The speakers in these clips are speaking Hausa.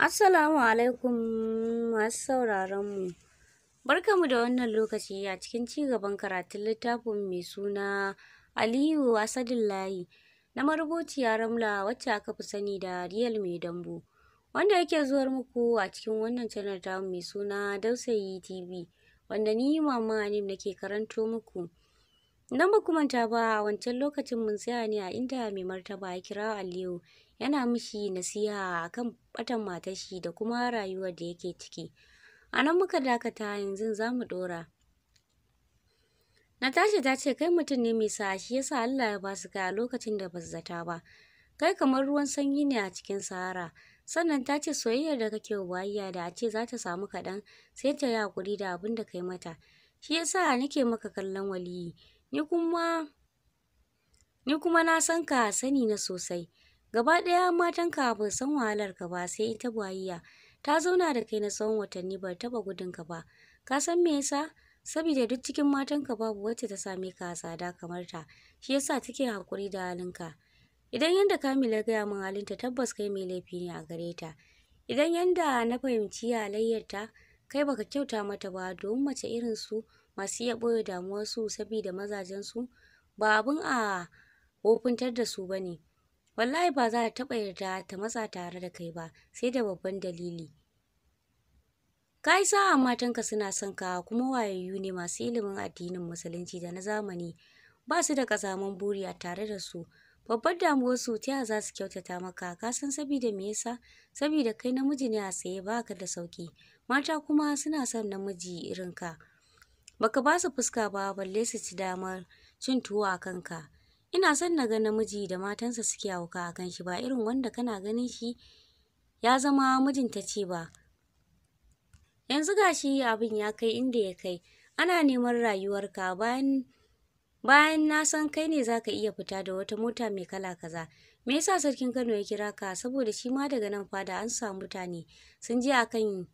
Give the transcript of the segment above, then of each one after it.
Assalamu alaikum masu sauraronmu. Barkamu da wannan lokaci a cikin ci gaban karatun littafin mai suna Aliyu Asadullahi na marubuciya Ramla wacce aka fi sani da Riyal Mai Dambu wanda yake zuwar muku a cikin wannan channel ta mai suna Dausayi TV wanda ni Mama Anim nake karanto muku. Idan ba manta ba a wancan lokacin mun tsaya ne a inda mai martaba ya kira Aliyu yana mishi nasiha akan batan matar shi da kuma rayuwar da yake ciki. A nan muka dakata yanzu za mu ɗora. Natasha ta ce kai mutum ne mai sa shi yasa Allah ya ba su kai a lokacin da ba zata ba. Kai kamar ruwan sanyi ne a cikin Sahara. Sannan ta ce soyayyar da kake wa da a ce za ta samu kaɗan sai ta yi hakuri da abin da kai mata. Shi yasa nake maka kallon waliyi. Ni kuma, ni kuma na san ka sani na sosai. Gaba ɗaya ka ba san ka ba sai ita buhayya. Ta zauna da kai na tsawon watanni ba gudun ka ba. Ka san me yasa? Saboda duk cikin matan ka babu wacce ta same ka tsada kamar ta. Shi yasa take hakuri da halinka. Idan yanda Kamila gaya min halinta tabbas kai mai laifi ne a gare ta. Idan yanda na fahimci halayyar ta, kai baka kyauta mata ba domin mace irin su masu iya ɓoye damuwar damuwarsu sabida mazajensu ba abun a wofintar da su ba ne wallahi ba za ta taɓa yarda ta matsa tare da kai ba sai da babban dalili ka yi sa'a matanka suna son ka kuma wayayyu ne masu ilimin addinin musulunci da na zamani ba su da kazaman buri a tare da su babbar damuwarsu ta yaya za su kyautata maka ka san sabida me yasa sabida kai namiji ne a tsaye baka da sauki mata kuma suna son namiji irin ka baka ba su fuska ba balle su ci damar cin tuwo a kanka ina son na ga namiji da matansa suke hauka a kan shi ba irin wanda kana ganin shi ya zama mijinta ce ba yanzu gashi abin ya kai inda ya kai ana neman rayuwarka bayan bayan na san kai ne zaka iya fita da wata mota mai kala kaza me yasa sarkin Kano ya kira ka saboda shi ma daga nan fada an samu mutane sun je akan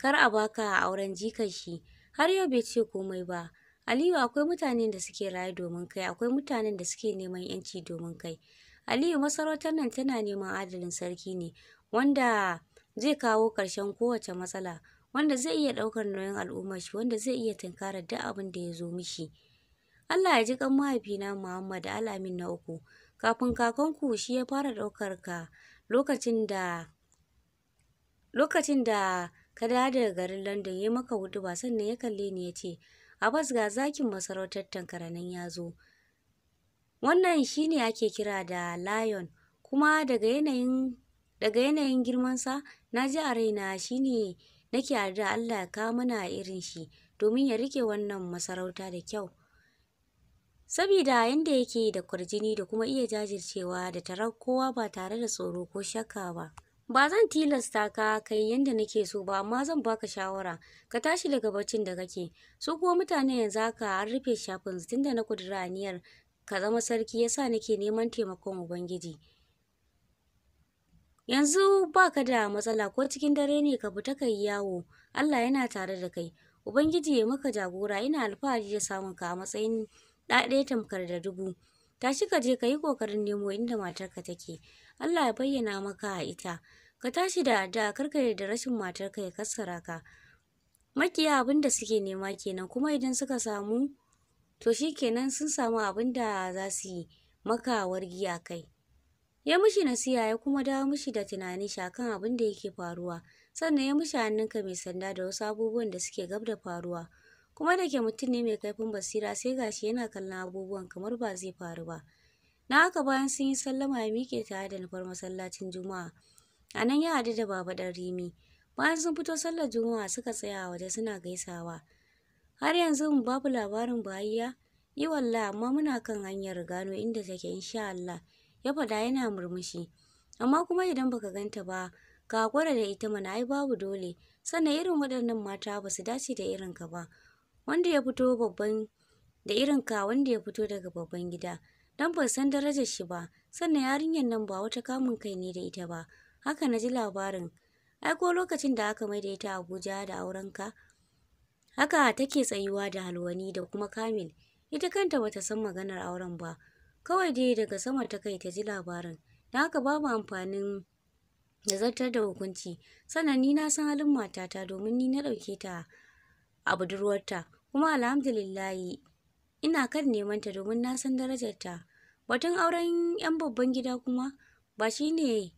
kar a baka auren jikan shi har yau bai ce komai ba aliyu akwai mutanen da suke raye domin kai akwai mutanen da suke neman yanci domin kai aliyu masarautar nan tana neman adalin sarki ne wanda zai kawo ƙarshen kowace matsala wanda zai iya ɗaukar nauyin al'ummar shi wanda zai iya tunkara duk abin da ya zo mishi Allah ya ji kan mahaifina Muhammad Alamin na uku kafin kakanku shi ya fara ɗaukar ka lokacin da lokacin da Kada dawo daga garin london ya maka hudu ba sannan ya kalle ni ya ce bas ga zakin masarautar tankara nan ya zo wannan shine ake kira da lion kuma daga yanayin daga yanayin girmansa na ji a raina shine nake yarda allah ya kawo mana irin shi domin ya rike wannan masarauta da kyau sabida yanda yake da kwarjini da kuma iya jajircewa da tarar kowa ba tare da tsoro ko shakka ba ba zan tilasta ka kai yadda nake so ba amma zan baka shawara ka tashi daga baccin da kake su kuma mutane yanzu haka an rufe shafin tunda na kudura aniyar ka zama sarki yasa nake neman taimakon ubangiji yanzu baka da matsala ko cikin dare ne ka fita kai yawo Allah yana tare da kai ubangiji ya maka jagora ina alfahari da samun ka a matsayin ɗaɗe tamkar da dubu tashi ka je ka yi ƙoƙarin nemo inda matarka take Allah ya bayyana maka a ita ka tashi da addu'a karka da rashin matarka ya kassara ka makiya abin suke nema kenan kuma idan suka samu to shikenan sun samu abin da za su yi maka wargi kai ya mishi nasiha ya kuma dawo mishi da tunani shi akan abin da yake faruwa sannan ya mishi hannunka mai sanda da wasu abubuwan da suke gab da faruwa kuma da ke mutum ne mai kaifin basira sai gashi yana kallon abubuwan kamar ba zai faru ba na haka bayan sun yi sallama ya miƙe tare da nufar masallacin juma'a a nan ya haɗu da baba dan rimi bayan sun fito sallar juma'a suka tsaya a waje suna gaisawa har yanzu mu babu labarin bayiya yi walla amma muna kan hanyar gano inda take insha Allah ya faɗa yana murmushi amma kuma idan baka ganta ba ka gwara da ita mana ai babu dole sannan irin waɗannan mata ba su dace da irinka ba wanda ya fito babban da irin ka wanda ya fito daga babban gida dan ban san darajar shi ba sannan yarinyar nan ba wata kamun kai ne da ita ba haka na ji labarin ai ko lokacin da aka maida ita Abuja da auren ka haka take tsayuwa da halwani da kuma Kamil ita kanta bata san maganar auren ba kawai dai daga sama ta kai ta ji labarin dan haka babu amfanin da zartar da hukunci sannan ni na san halin matata domin ni na ɗauke ta a budurwarta kuma alhamdulillahi ina kan nemanta domin na san darajarta batun auren yan babban gida kuma ba shi ne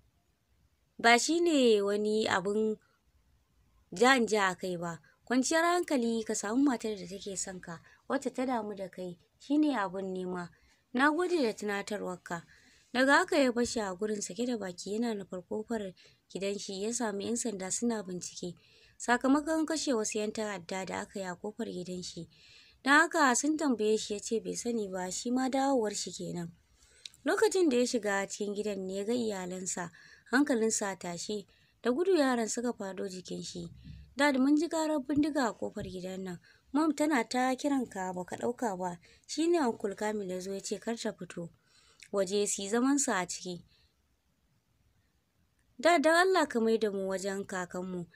ba shi ne wani abin ja ja a kai ba kwanciyar hankali ka samu matar da take son ka Wata ta damu da kai shine abin nema na gode da tunatarwarka daga haka ya bashi a gurin sake da baki yana na farko farar gidan shi ya samu 'yan sanda suna bincike sakamakon kashe wasu 'yan ta'adda da aka yi a kofar gidan shi. Don haka sun tambaye shi ya ce bai sani ba shi ma dawowar shi kenan. Lokacin da ya shiga cikin gidan ne ya ga iyalansa hankalinsa tashe da gudu yaran suka fado jikin shi. Dad mun ji karar bindiga a kofar gidan nan. Mom tana ta kiran ka ba ka ɗauka ba. Shi ne Uncle Kamil ya zo ya ce kar ta fito. Waje su zaman sa a ciki. da don Allah ka mai da mu wajen kakanmu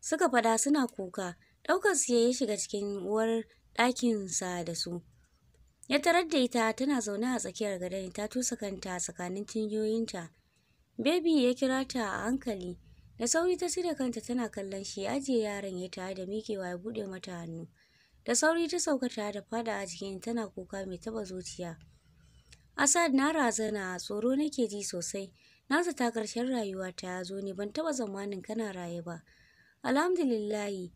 suka faɗa suna kuka ɗaukar su ya shiga cikin uwar ɗakinsa da su ya tarar da ita tana zaune a tsakiyar gadon ta tusa kanta tsakanin cinyoyinta bebi ya kira ta a hankali da sauri ta cire kanta tana kallon shi ajiye yaron ya tare da miƙewa ya buɗe mata hannu da sauri ta sauka ta da fada a jikin tana kuka mai taɓa zuciya Asad na razana tsoro nake ji sosai na zata ƙarshen rayuwa ta ya zo ne ban taɓa zamanin kana raye ba alhamdulillahi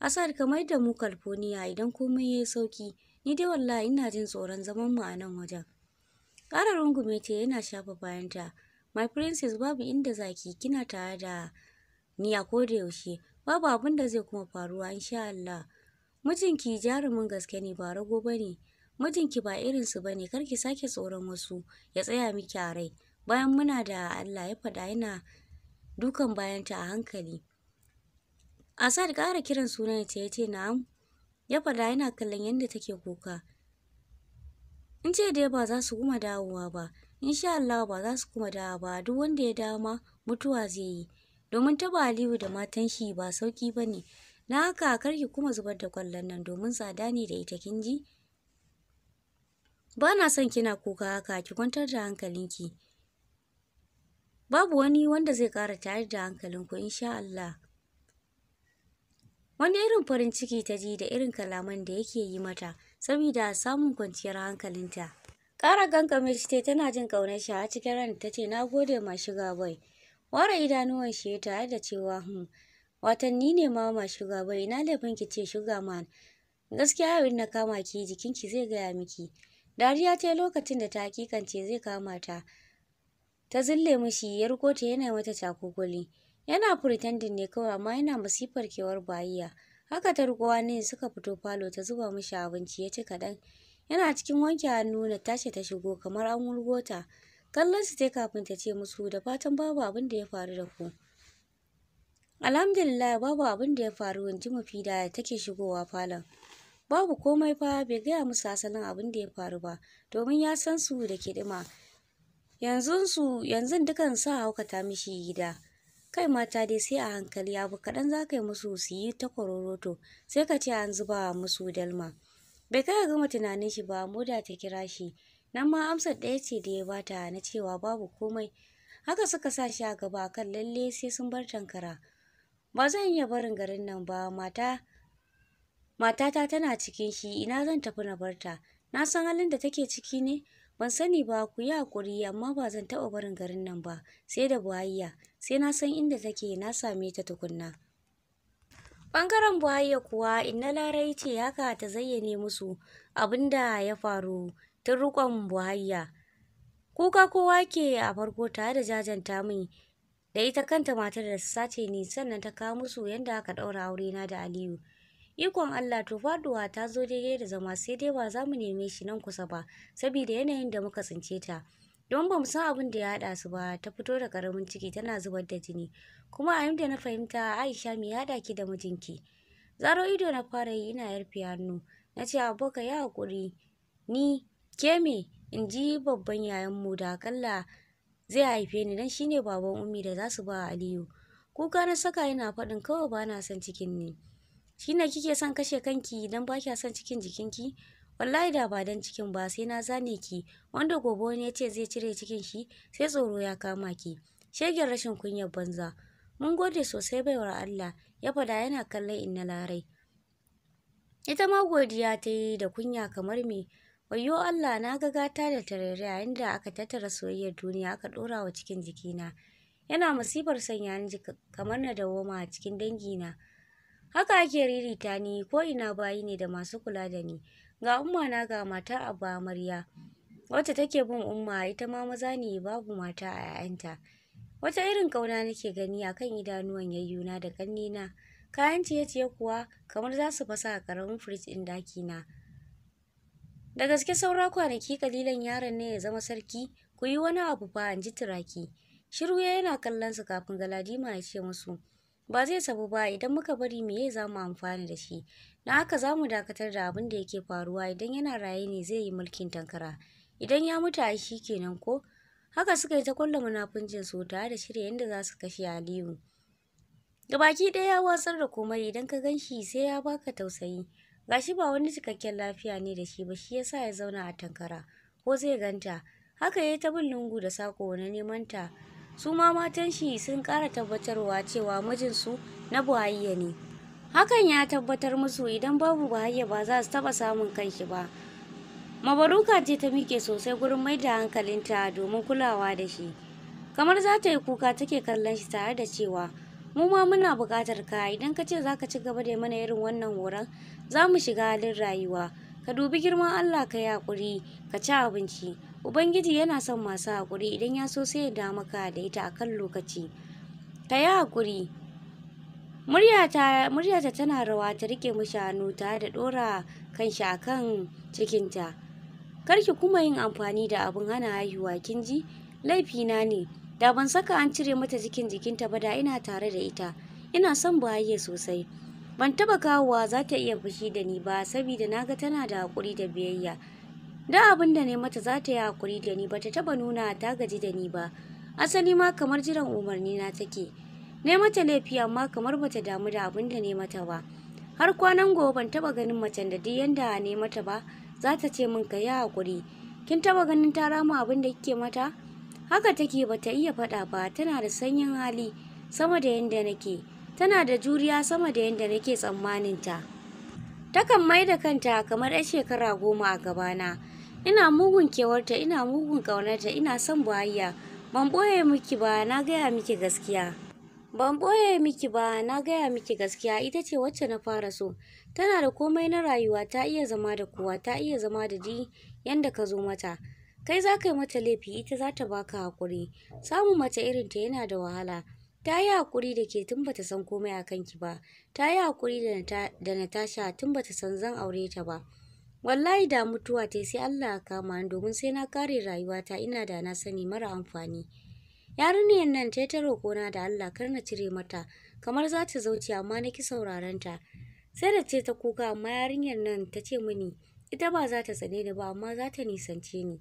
asad ka mai da mu california idan komai ya yi sauki ni dai wallahi ina jin tsoron zaman mu a nan wajen ƙara rungume ce yana shafa bayanta my princess babu inda zaki kina tare da ni a koda yaushe babu abin da zai kuma faruwa insha Allah mijinki jarumin gaske ne ba rago bane mijinki ba irin su bane kar ki sake tsoron wasu ya tsaya miki a rai bayan muna da Allah ya faɗa yana dukan bayanta a hankali Asad ƙara kiran sunan ta yace na'am ya faɗa yana kallon yadda take kuka in ce dai ba za su kuma dawowa ba insha Allah ba za su kuma dawo ba duk wanda ya dama mutuwa zai yi domin taba Aliyu da matan shi ba sauki bane na haka kar ki kuma zubar da kwallon nan domin tsada ne da ita kin ji ba na son kina kuka haka ki kwantar da hankalinki babu wani wanda zai ƙara tayar da hankalinku insha Allah. Wani irin farin ciki ta ji da irin kalaman da yake yi mata saboda samun kwanciyar hankalinta. Ƙara mai shi tana jin ƙaunar shi a cikin ran ta ce na gode ma shiga bai. Ware idanuwan shi tare da cewa hmm watanni ne ma ma shiga bai na laifin ki ce shuga man. Gaskiya yau na kama ki jikinki zai gaya miki. Dariya ce lokacin da ta hakikance zai kama ta. ta zille mishi ya riko ta yana mata cakukuli yana pretending ne kawai amma yana masifar kewar bayiya haka ta riko ne suka fito falo ta zuba mishi abinci ya ci kaɗan yana cikin wanke hannu na tashi ta shigo kamar an wurgo ta kallon su tai kafin ta ce musu da fatan babu abin da ya faru da ku alhamdulillah babu abin da ya faru in ji mafida da take shigowa falon babu komai fa bai gaya musu asalin abin da ya faru ba domin ya san su da kiɗima yanzu su yanzu dukan sa haukata mishi gida kai mata dai sai a hankali abu kaɗan za ka yi musu su yi ta kwaroroto sai ka ce an zuba musu dalma bai kai gama tunanin shi ba moda ta kira shi nan ma amsar ɗaya ce da ya bata na cewa babu komai haka suka sa shi a gaba kan lalle sai sun bar tankara ba zan iya barin garin nan ba mata matata tana cikin shi ina zan tafi na barta na san halin da take ciki ne ban sani ba ku yi hakuri amma ba zan taɓa barin garin nan ba sai da buhayya sai na san inda take na same ta tukunna Ɓangaren buhayya kuwa inna larai ce haka ta zayyane musu abin ya faru tun rukon buhayya kuka kowa ke a farko tare da jajanta min da ita kanta matar da sace ni sannan ta kawo musu yadda aka ɗaura aure na da aliyu Ikon Allah to faduwa ta zo daidai da zama sai dai ba za mu neme shi nan kusa ba saboda yanayin da muka tsince ta. Don ba mu san abin da ya haɗa su ba ta fito da ƙaramin ciki tana zubar da jini. Kuma a da na fahimta Aisha me ya haɗa ki da mijinki. Zaro ido na fara yi ina yarfe hannu. Na ce aboka ya haƙuri ni ke me in ji babban yayanmu da akalla zai haife ni dan shine baban ummi da za su ba Aliyu. Kuka na saka yana faɗin kawai ba na son cikin ni. Shina kike son kashe kanki idan ba kya son cikin jikinki? Wallahi da ba dan cikin ba sai na zane ki wanda gobe wani ya ce zai cire cikin shi sai tsoro ya kama ki. Shegen rashin kunyar banza. Mun gode sosai baiwar Allah ya fada yana kallon inna larai. Ita ma godiya ta yi da kunya kamar me Wayyo Allah na ga gata da tarere inda da aka tattara soyayyar duniya aka ɗora wa cikin jikina. Yana musibar sanya ni kamar na dawoma a cikin dangina. haka ake ririta ni ko ina bayi ne da masu kula da ni ga umma na ga mata a amarya wacce take bin umma ita ma maza ne babu mata a 'ya'yanta wata irin kauna nake gani a kan idanuwan yayyuna da ƙannina kayan ciye-ciye kuwa kamar za su fasa a ƙaramin firij ɗin dakina da gaske saura kwanaki kalilan yaron ne ya zama sarki ku yi wani abu fa in ji turaki shiru yana kallon su kafin galadima ya ce musu ba zai sabu ba idan muka bari meye za mu amfani da shi Na haka za mu dakatar da abin da yake faruwa idan yana raye ne zai yi mulkin tankara idan ya mutu a shi kenan ko haka suka yi ta kulla munafuncin su tare da shirya yadda za su kashe aliyu gabaki ɗaya ya watsar da komai idan ka gan shi sai ya baka tausayi gashi ba wani cikakken lafiya ne da shi ba shi yasa ya zauna a tankara ko zai ganta haka ya yi ta bin lungu da sako na neman ta su ma matan shi sun ƙara tabbatarwa cewa mijinsu na buhayya ne hakan ya tabbatar musu idan babu buhayya ba za su taɓa samun kanshi ba mabaruka ce ta miƙe sosai gurin mai da hankalinta domin kulawa da shi kamar za ta yi kuka take kallon shi tare da cewa mu ma muna buƙatar ka idan ka ce za ka ci gaba da mana irin wannan horon za mu shiga halin rayuwa ka dubi girman allah ka yi haƙuri ka ci abinci ubangiji yana son masu haƙuri idan ya so sai ya da maka da ita a kan lokaci ka yi haƙuri muryata tana rawa ta rike mashanu ta tare da ɗora kan shi a kan cikinta karki kuma yin amfani da abin hana haihuwa kin ji laifina ne da ban saka an cire mata jikin jikinta ba da ina tare da ita ina son bahayya sosai ban taba kawowa za ta iya fushi da ni ba saboda na ga tana da haƙuri da biyayya da abin da ne mata za ta yi hakuri da ni ba ta taba nuna ta gaji da ni ba asali ma kamar jiran umarni na take ne mata laifi amma kamar bata damu da abin da ne mata ba har kwanan gobe ban taba ganin macen da duk yanda ne mata ba za ta ce min ka yi hakuri kin taba ganin ta rama abin da kike mata haka take bata iya faɗa ba tana da sanyin hali sama da yanda nake tana da juriya sama da yanda nake tsammanin ta takan mai da kanta kamar 'yar shekara goma a gabana ina mugun kewarta ina mugun ƙaunarta ina son buhayya ban ɓoye miki ba na gaya miki gaskiya ban ɓoye miki ba na gaya miki gaskiya ita ce wacce na fara so tana da komai na rayuwa ta iya zama da kowa ta iya zama da ji yanda ka zo mata kai za ka yi mata laifi ita za ta baka hakuri samun mace irin ta yana da wahala ta yi haƙuri da ke tun bata san komai a kanki ba ta yi haƙuri da natasha tun bata san zan aure ta ba wallahi da mutuwa ta sai Allah ya kama ni domin sai na kare rayuwata ina da na sani mara amfani yarinyar nan ta ta na, da Allah kar na cire mata kamar za ta zauce amma na ki sauraron ta sai da ce ta kuka amma yarinyar nan ta ce mini ita ba za ta tsane ni ba amma za ta nisance ni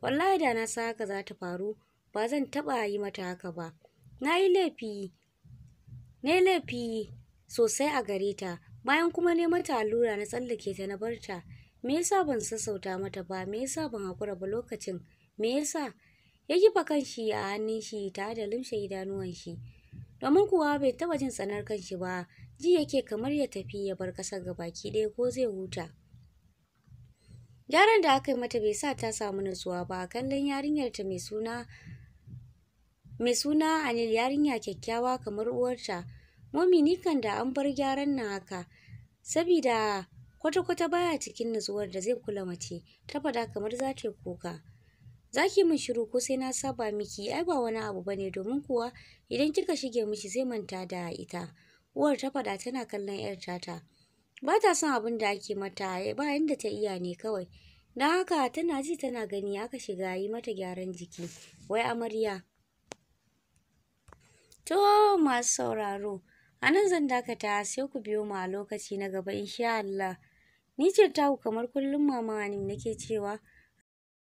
wallahi da na sa haka za ta faru ba zan taba yi mata haka ba na yi laifi na yi laifi sosai a gare ta bayan kuma ne mata allura na tsallake ta na barta me yasa ban sassauta mata ba me yasa ban hakura ba lokacin me yasa ya kifa kanshi a hannun shi tare da limshe idanuwan shi domin kuwa bai taba jin tsanar kanshi ba ji yake kamar ya tafi ya bar kasar gabaki ɗaya ko zai huta gyaran da aka yi mata bai sa ta samu nutsuwa ba kallon yarinyar ta mai suna mai suna anil yarinya kyakkyawa kamar uwarta mominikan da an bar gyaran na haka sabida kwata-kwata baya cikin nutsuwar da zai kula mace ta faɗa kamar za ta kuka za ki min shiru ko sai na saba miki ai ba wani abu bane domin kuwa idan kika shige mishi zai manta da ita uwar ta faɗa tana kallon yar tata ba ta son abin da ake mata eh, ba yanda ta iya ne kawai don haka tana ji tana gani aka shiga yi mata gyaran jiki wai amarya to masu sauraro a nan zan dakata sai ku biyo mu a lokaci na gaba insha Allah Ni ce taku kamar kullum Mama nake cewa